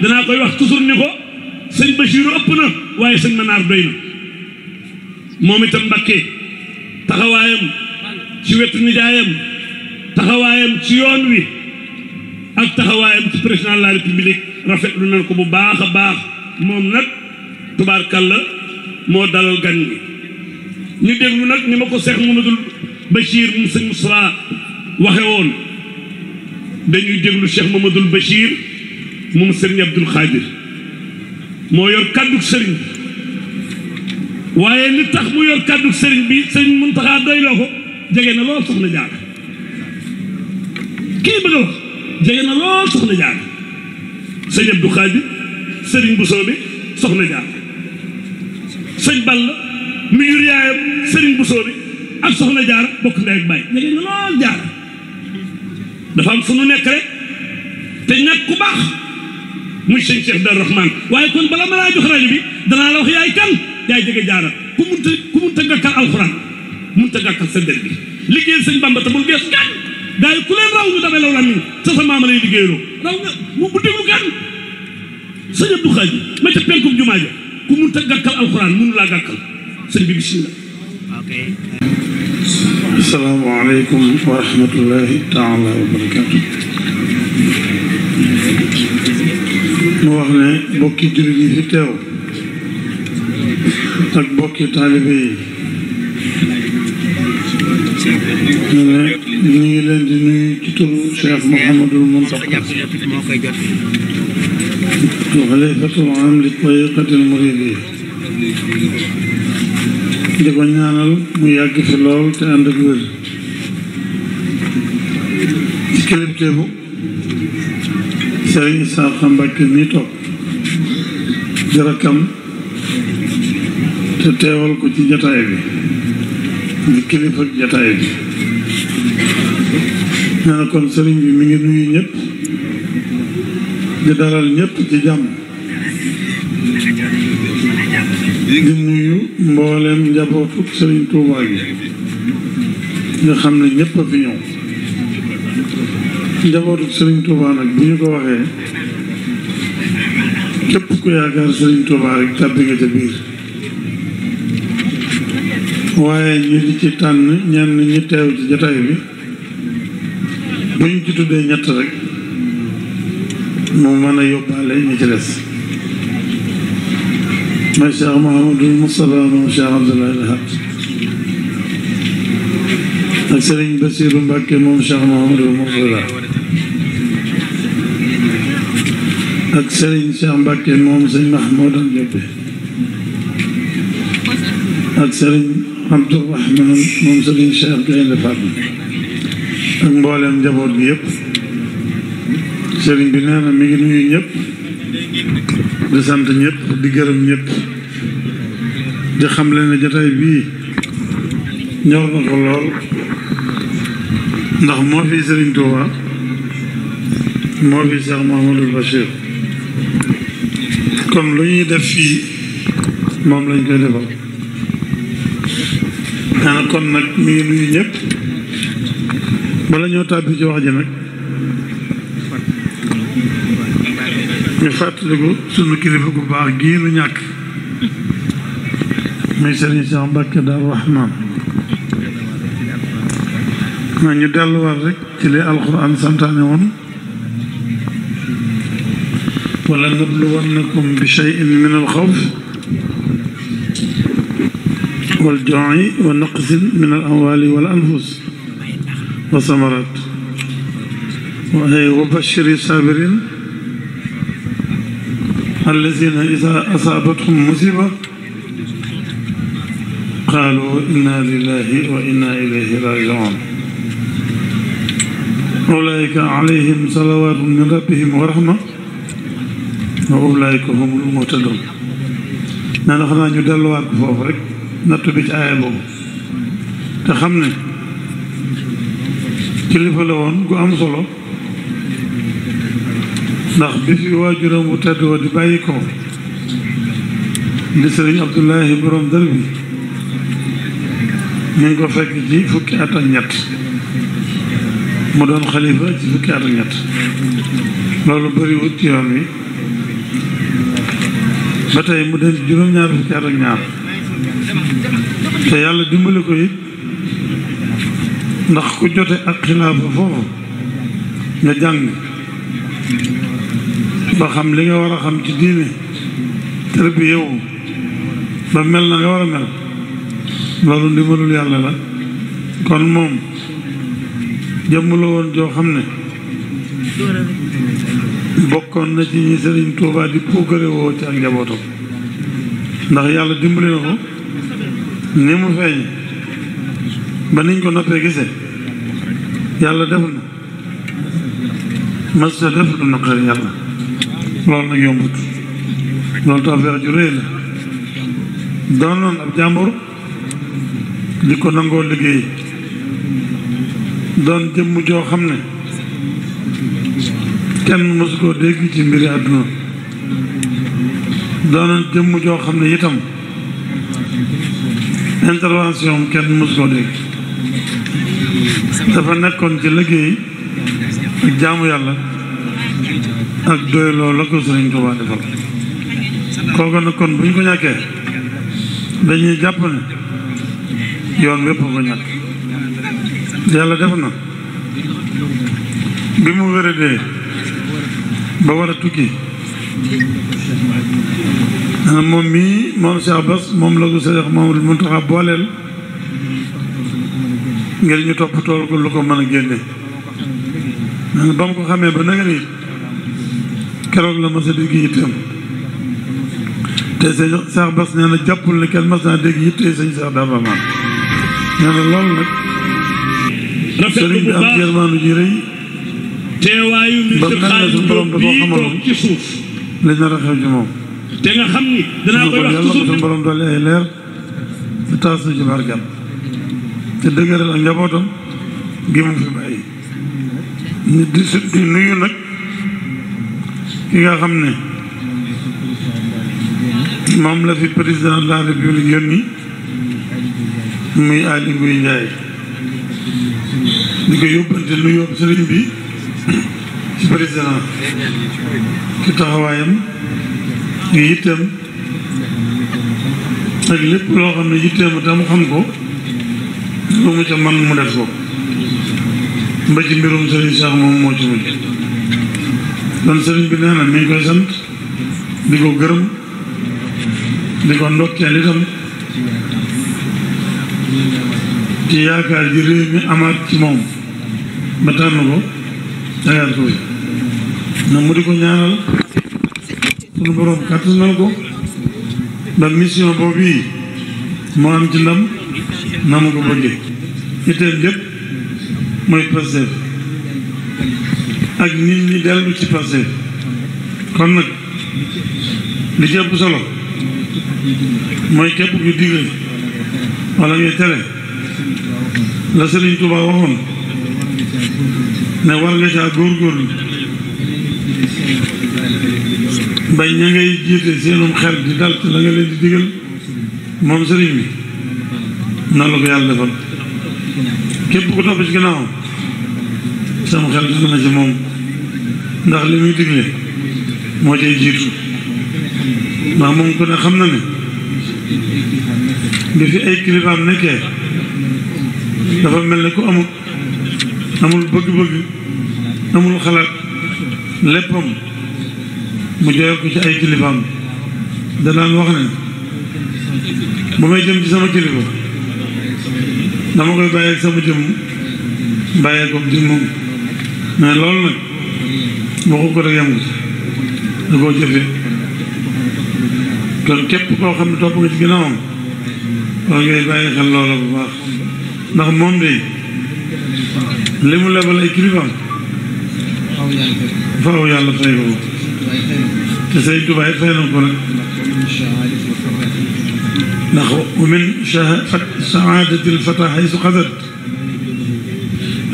danaa koy wax toujours ni ko sëñ Bachir ëpp na waaye sëñ Manaar doy na moom itam Mbàkke taxawaayam ci wetu nijaayam taxawaayam ci yoon wi ak taxawaayam ci président de la république rafetlu nañ ko bu baax a baax moom nag tubaarkàlla moo dalal gan gi ñu déglu nag ni ma ko Seex Mamadul Bachir mu sëñ Moussa waxe woon dañuy déglu Cheikh Mamadul Bachir moom sëriñ Abdul Xaadir moo yor kàddu sëriñ bi waaye li tax mu yor kàddu bi sëriñ Muntaxa doyloo ko jege na lool soxna jaar kii bëgg a wax na lool soxna jaar sëriñ Abdul Xaadir sëriñ bu soobe soxna jaar sëñ Balla mi yur yaayam sëriñ bu soobe ak soxna jaar bokk ndey ak bàyyi lool jaar dafa am fu nu nekk rek te ñàkk baax mu sëñ Cheikh Dar Rahman waaye kon bala ma laa jox bi danaa la wax yaay kan yaay jege jaara ku munta ku munta gàkkal alxuraan munta gàkkal sa der bi liggéeyal sëñ Bamba te bul bees kan ku leen raw ñu damee law lamiñ sa sa maama lay liggéeyaloo raw nga mu bu déglu kan sëñ Abdou ma ca penkum jumaa ja ku munta gàkkal alxuraan mënu laa gàkkal sëñ bi bismillah asalaamaaleykum wa rahmatullahi taala wa barakatu mu wax ne bokki jullit yi fi teew ak bokki taalibe yi ñu ne ñu ngi leen di nuyu ci turu Cheikh Mouhamadul Mountakha wa xalifatul aam li tariqatil muriidiyya di ko ñaanal mu yàgg fi lool te ànd ak wér ci kilifteefu Sëriñ Isaaxa Mbàkke mi toog di rakkam te teewal ko ci jataay bi di kilifa jataay bi nee kon sëriñ bi mi ngi nuyu ñëpp di dalal ñëpp ci jàmm di nuyu mbooleem njabootu sëriñ Tuubaa gi nga xam ne ñëpp a fi ñëw njabootu Serigne Touba nag bi ñu ko waxee képp ku yaakaar Serigne Touba rek tàbbi nga ca biir waaye ñu di ci tànn ñenn ñi teew ci jotaay bi bu ñu ci tuddee ñett rek mu mën a yóbbaale ñu ci des mooy Cheikh Mouhamadul Moustapha moom Cheikh Abdoulaye Lahat ak Serigne Bassirou Mbacké moom Cheikh Mouhamadul Moustapha ak Serigne Cheikh Mbacke moom sëñ Mahmoudan Jobe ak Serigne Abdou Rahman moom Serigne Cheikh Gaynde Fatma ak mboolem njaboot bi yëpp Serigne bi nee na mi ngi nuyu ñëpp di sant ñëpp di gërëm ñëpp di xam leen ne jotaay bii ñor na ko lool ndax moo fi Serigne Touba moo fi Cheikh Mouhamadul Bachir kon lu ñuy def fii moom lañ koy defal daana kon nag mi ngi nuyu ñëpp bala ñoo tàbbi ci wax ji ñu fàttaliku sunu kilifa gu baax gii nu ñàkk muy Sëriñ Cheikh Mbacke Daaru Rahman na ñu rek ci li alxuraan santaane woon ولنبلونكم بشيء من الخوف والجوع ونقص من الأموال والأنفس وثمرات وبشر الصابرين الذين إذا أصابتهم مصيبة قالوا إنا لله وإنا إليه راجعون أولئك عليهم صلوات من ربهم ورحمة wa ulaayika humul muhtadoon nee na xanaa ñu delluwaat ko foofu rek nattu bi ci aaya boobu te xam ne kilifa la woon gu am solo ndax bi fi waajuram bu tedd wa di bàyyi ko di sëriñ Abdullahi borom dër bi ñu ngi ko fekk ci fukki at ñett mu doon xalifa ci fukki at ñett loolu bëriwut ci yoon wi ba tey mu dem juróom-ñaar fukki at ñaar te yàlla dimbali ko it ndax ku jote ak xilaafa foofu nga jàng ba xam li nga war a xam ci diine tër bi yow ba mel na nga war a mel loolu ndimbalul yàlla la kon moom jëmm la woon joo xam ne bokkoon na ci ñi Sëriñ Tuubaa di puukare ci ak njabootam ndax yàlla dimbali na ko ni mu feeñ ba niñ ko noppee gisee yàlla def na mas ta def lu naqar yàlla loolu nag yombut loolu tawfeex ju réy la doonoon ab jàmbur di ko nangoo liggéey doon jëmm joo xam ne kenn mosu koo dégg ci mbiri àdduna doonoon jëmm joo xam ne itam intervention kenn mosu koo dégg dafa nekkoon ci liggéey ak jaamu yàlla ak doy loolu la ko sëriñ Tuubaa defal kooku ñu ko ñàkkee dañuy jàpp ne yoon wépp ko ñàkk yàlla def na bi mu wéradee ba war a tukki ah, moom mii moom Cheikh Bass moom la ko Cheikh Mamadou Mountakha booleel ngir ñu topp tool ko lu ko mën a génne ah, ba mu ko xamee ba nanga ni keroog la mas a dégg yitteem te sëñ Cheikh Bass nee na jàppul ne kenn mas naa dégg yittee sëñ Cheikh Daba Maal nee loolu nag sëriñ bi am jërmaanu teewaayu ministre xaalis boobu bii toog ci a nga xam ni danaa koy wax toujours yàlla borom ki nga xam ne moom la fi président de la république yónni muy Aly Ngouille Ndiaye di ko yóbbante nuyoo sëriñ bi président ci taxawaayam ngi yitteem ak lépp loo xam ne yitteem te mu xam ko lu mu ca man mu def ko mba mbirum sëriñ Cheikh moom moo ci mujj kon sëriñ bi nee na mi koy sant di ko gërëm di ko ndokkeel itam ci yaakaar ji réew mi amaat ci moom ba tànn ko Yaya Touré na mu di ko ñaanal sunu borom kàttanal ko ba mission boobu yi moo am ci ndam na mu ko bëggee itteem lépp mooy Pastef ak nit ñi dellu ci Pastef kon nag li ci solo mooy képp ku digle wala ngay tere la Serigne Touba waxoon ne war nga caa góorgóorlu bañ ña ngay jiite seenum dal ci nga leen di digal moom sëriñ bi noonu la ko yàlla defal képp ci dal na ci moom ndax li muy digle moo ci jiitu ndax moom ku ne xam na ne bi fi ay kilifaam nekkee dafa mel ne ku amut amul bëgg-bëgg amul xalaat léppam mu jooy ko ci ay kilifaam danaan wax ne bu may jëm ci sama kilifa dama koy bàyyeeg sama jëm bàyyee ko di moom mais loolu nag waxu ko rek yam ko nga ci ginnaawam war ngay bàyyi xel moom de li mu lebal ay kilifaam faaw yàlla fay ko te say tubaay fay na ko nag ndax wa min saadati lfata xaysu xadat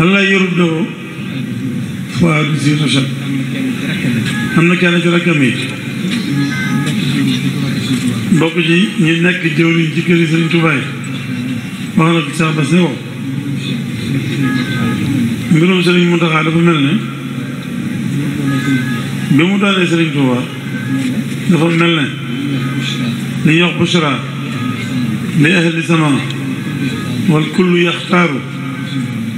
allah yorub doo faadu si rachat am na kenn ci rakkam yi mbokk ji ñu nekk mbirum sëriñ Muntaxa dafa mel ne bi mu doonee sëriñ Tuuba dafa mel ne li ñuy wax bushra li ahli sama wal kullu yaxtaaru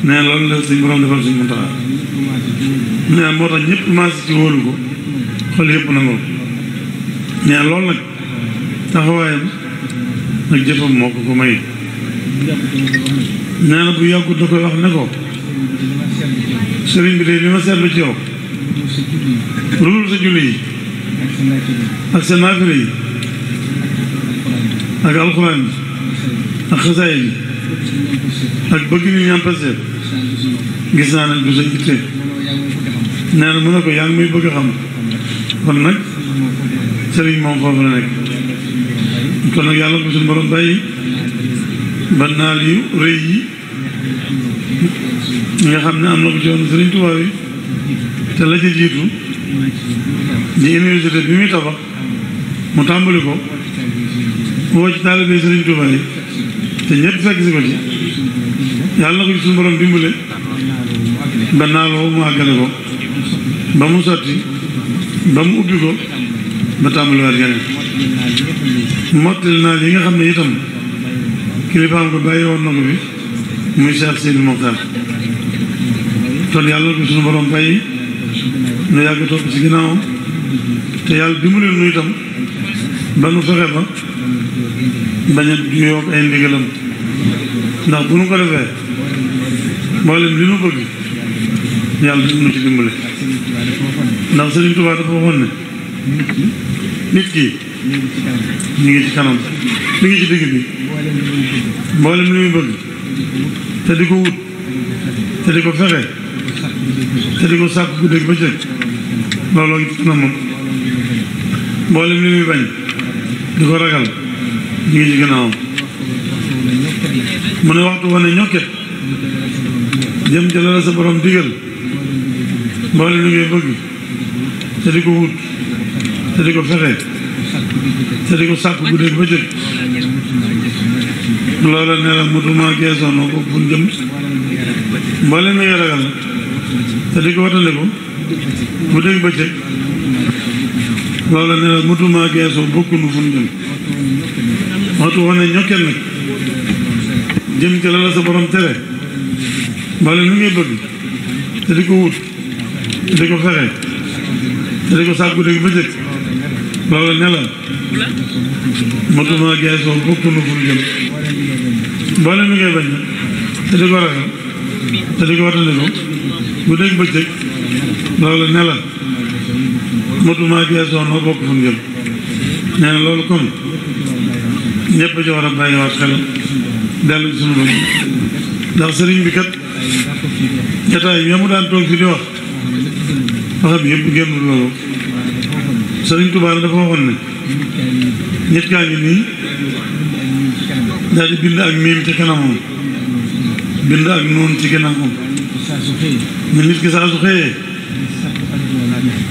nee loolu la suñ borom defal suñ Muntaxa nee moo tax ñëpp maas ci wóolu ko xol yëpp nangoo nee loolu nag taxawaayam ak jëfam moo ko ko may nee na bu yàggut da koy wax ne ko sëriñ bi de ma seetlu ci yow lu sa julli ak sa naafile ak alxuraan ak xasaay bi ak bëgg ni ñam pasee gis naa nag du sa ittee nee na mu ne bëgg a xam kon nag moom foofu la nekk kon nag yàlla ko suñu borom bàyyi ba mi nga xam ne am na ko joon Sëriñ Tuubaa yi te la ca jiitu université bi muy tabax mu tàmbali ko woo ci taalibe Sëriñ Tuubaa yi te ñëpp fekk si ko ci yàlla na ko ci suñu borom dimbale ba naaloo mu àggale ko ba mu sotti ba mu ubbi ko ba tàmbaliwaat geneen mottali naa yi nga xam ne itam kilifaam ko bàyyi woon na ko fi muy Cheikh Seydi Mokhtar kon yàlla ko suñu borom bàyyi nu yàgg topp ci ginnaawam te yàlla dimbali nu itam ba nu fexe ba bañ a juyoog ay ndax bu nu ko defee mboolem li nu bëgg yàlla dina nu ci dimbali ndax Sëriñ Tuubaa dafa waxoon ne nit ki ñu ngi ci kanam mi ngi ci digg bi mboolem li muy bëgg te di ko te di ko fexe te di ko sàkk guddeeg bëccëg looloo it na moom mboolem bañ di ko ragal ñu ngi ci gannaawam mu ne waxtu wane ñokket jëm ca sa borom digal mboolem li ngay bëgg te di ko wut te di ko fexe te di ko sàkk guddeeg loola ne la mutuma geesoo noo ko jëm mboolem mi nga ragal te di ko wattandiku bu dégg bëccëg loola ne la mutuma geesu bokkunu fu ñu jëm waxtu woon ne ñokkeel nag jëm ca la sa borom tere mboolem mi ngay bëgg te di ko wut te di ko fexe te di ko sàkku dégg bëccëg loola ne la mutuma geesu bokkunu fu ñu jëm mboolem mi bañ te di ko ragal te di ko wattandiku bu dégg bëccëg loolu ne la motuma geesoon bokk fu ñu jëm loolu kon ñëpp ci war a bàyyi waat xel dellu ci sunu ndax sëriñ bi kat jataay yi mu daan toog fi di wax waxam yëpp génn loolu sëriñ Tuubaa dafa waxoon ne nit kaa ngi nii daal di bind ak miim ci kanamam bind ak nuun ci ginnaawam ne nit ki saa su xëyee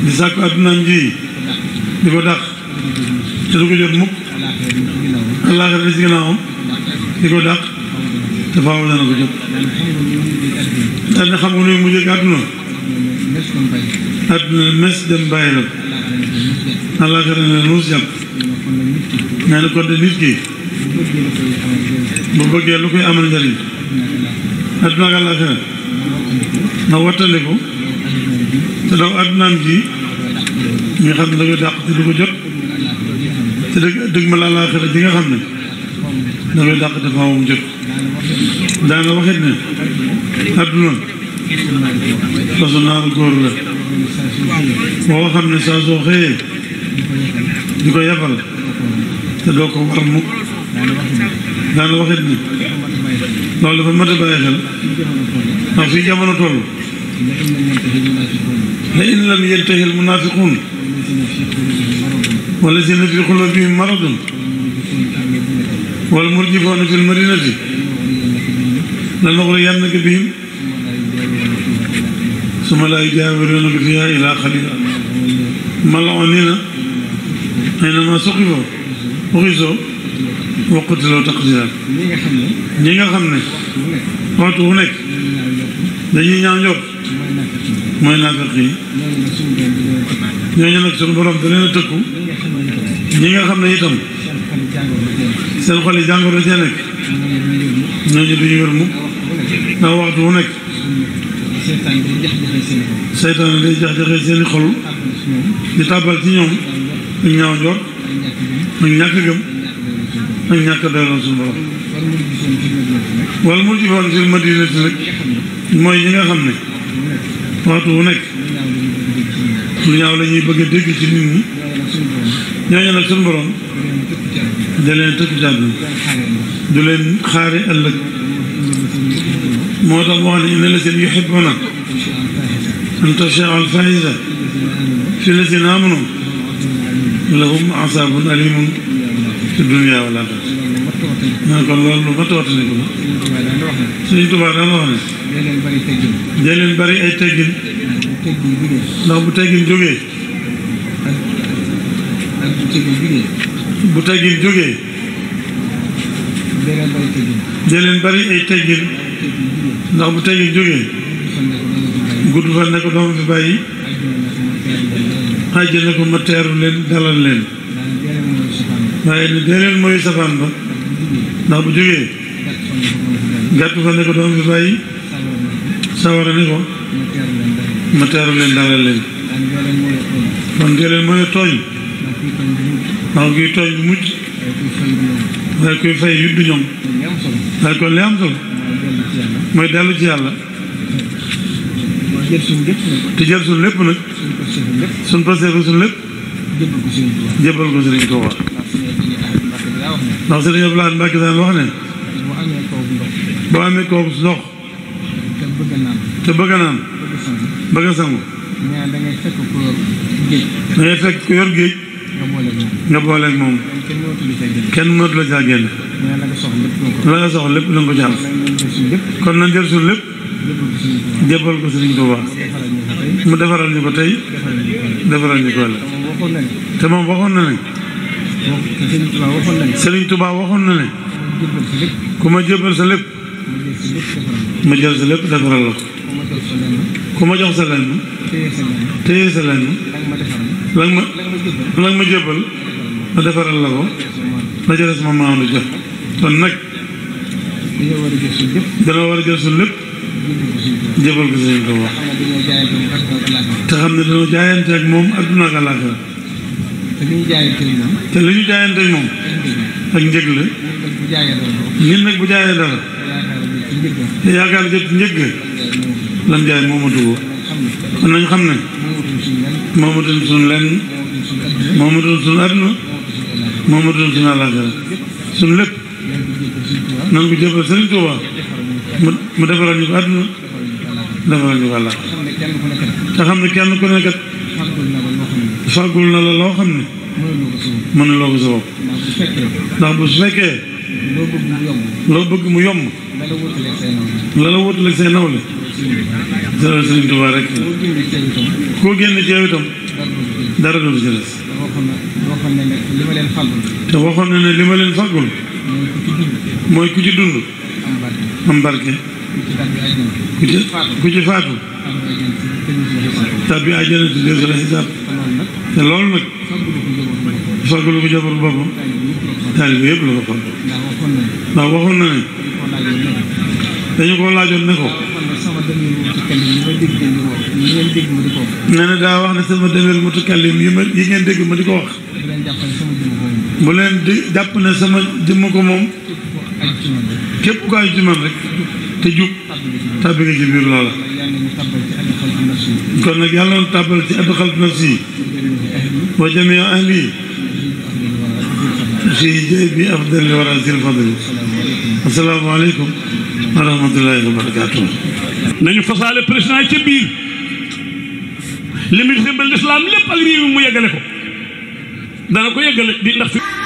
di sàkku addunaam ji di ko dàq te du ko jot mukk àllaaxira di ci ginnaawam di ko dàq te faaw dana ko jot daan na xam nga nu mujjee àdduna àdduna mes dem bàyyi la àllaaxira ne nuus jàpp nee na kon de nit ki bu bëggee lu koy amal njëriñ adduna ak àllaaxira na wattaliku te daw addunaam ji ñu xam ne da koy dàq te du ko jot te dëgg dëgg ma la àllaaxira ji xam ne da koy dàq te fa moom jot waxit ne adduna fasu naaru góor la boo xam ne saa soo xëyee di ko yafal te doo ko war mukk daana waxit ne loolu dafa mën a bàyyi xel ndax fi jamono toll la in lam yantahi al munafiqun wala sina fi xulubihim maradun wal murjifuuna fi lmadinati la nugriyannaka bihim summa laa yujaawiruunaka fiihaa illaa qaliilaa mal'uuniina aynamaa suqifuu waqati loo taqdiran ñi nga nga xam ne. waxtu wu nekk. dañuy ñaaw njort. mooy naafeq yi. ñooñu nag suñu borom da leen tëkku. ñi nga xam ne itam. seen xol yi jàngoro cee nekk. ñooñu duñu wér mukk. ndax waxtu wu nekk. seytaan day jax-jaxe seen i xol. di tàbbal ci ñoom. ñaaw njort. ak ñàkk gëm. ak ñàkk a doyloon suñu borom wala mu jifoon sil madinati nag mooy ñi nga xam ne waxtu wu nekk lu ñaaw la ñuy bëgg a dégg ci nit ñi ñooñu nag suñu borom da leen tëkk jàddu du leen xaare ëllëg moo tax moo xam ne inna lazina yuhibbuna an tashia al-fahisha fi lazina amanu lahum azabun alimun في الدنيا والآخرة man kon loolu lu mat a wattandiku la. Sëriñ Tuubaa daan wax ne. dee bari ay teggin. ndax bu teggin jógee. ak bu teggin jógee. bu teggin jógee. dee leen bari ay teggin. ndax bu teggin jógee. gudd fan ne ko doomu fi bàyyi. xajjal na ko ma teeru leen dalal leen. waaye ne dee safaan ba. ndax bu jógee gàtt fa ne ko doom bi bàyyi sawara ne ko ma teeru leen dalal leen kon dee leen mooy tooñ ndax kuy tooñ bu mujj waaye kuy fay yuddu ñoom waaye kon li mooy dellu ci yàlla te suñu lépp nag suñ pasee fa suñu lépp jëbal ko Sëriñ Tuubaa ndax sëriñ Abdoulaye Mbacke daan wax ne boo amee kooku ndox te bëgg naan bëgg sangu da ngay fekk ku yor géej da ngay fekk ku yor géej nga booleeg moom kenn mënatu la caa génn la nga soxla lépp la ko jàpp kon nañ jël suñu lépp jébbal ko sëriñ Tuuba mu defaral ñu ko tey defaral ñu ko la te moom waxoon na ne Sëriñ Tuubaa waxoon na ne ku ma jébal sa lépp ma jal sa lépp la ko ku ma jox sa lenn téye sa lenn ma la ma jébal ma defaral la ko la ca des ma maandu jox kon nag dana war a jël suñu lépp te xam ne dañoo jaayante ak ak te li ñu jaayanteeg moom. te ak njëg la. ñun nag bu jaayee dara. te yaakaar jot njëg lan jaay moomatu ko. kon nañ xam ne. moomatuñ suñu lenn. moomatuñ suñu àdduna. moomatuñ suñu àllaaxira suñu lépp. nan ko jëfal Sëriñ Tuubaa mu mu defaral ñu ko àdduna. defaral ñu ko àllaaxira te xam ne kenn ku nekkat fàggul na la loo xam ne mën loo ko sa bopp ndax bu su fekkee loo bëgg mu yomb la la wutaleeg say nawle sala sëriñ Tuubaa koo génn ci yow itam dara du ci des te waxoon na li ma leen fàggul mooy ku ci dund am barke ku ci faatu tàbbi àjjana ci des la xisaab te loolu nag fàggulu ko jabar boppam taalibe yëpp la ko fàgg ndax waxoon na ne dañu ko laajoon ne ko nee na daa wax ne sama demel mutakallim yi ma yi ngeen dégg ma ko wax bu jàpp ne sama jëmm ko moom képp ko ci man rek te jub tàbbi nga ci biir loola kon na tàbbal ci adxal nafsi وجميع أهلي شهداء بأفضل وراث الفضل السلام عليكم ورحمة الله وبركاته nañu fasaale président ca biir li mu simbal lislaam lépp ak réew mi mu yeggale ko dana ko yeggale di ndax fi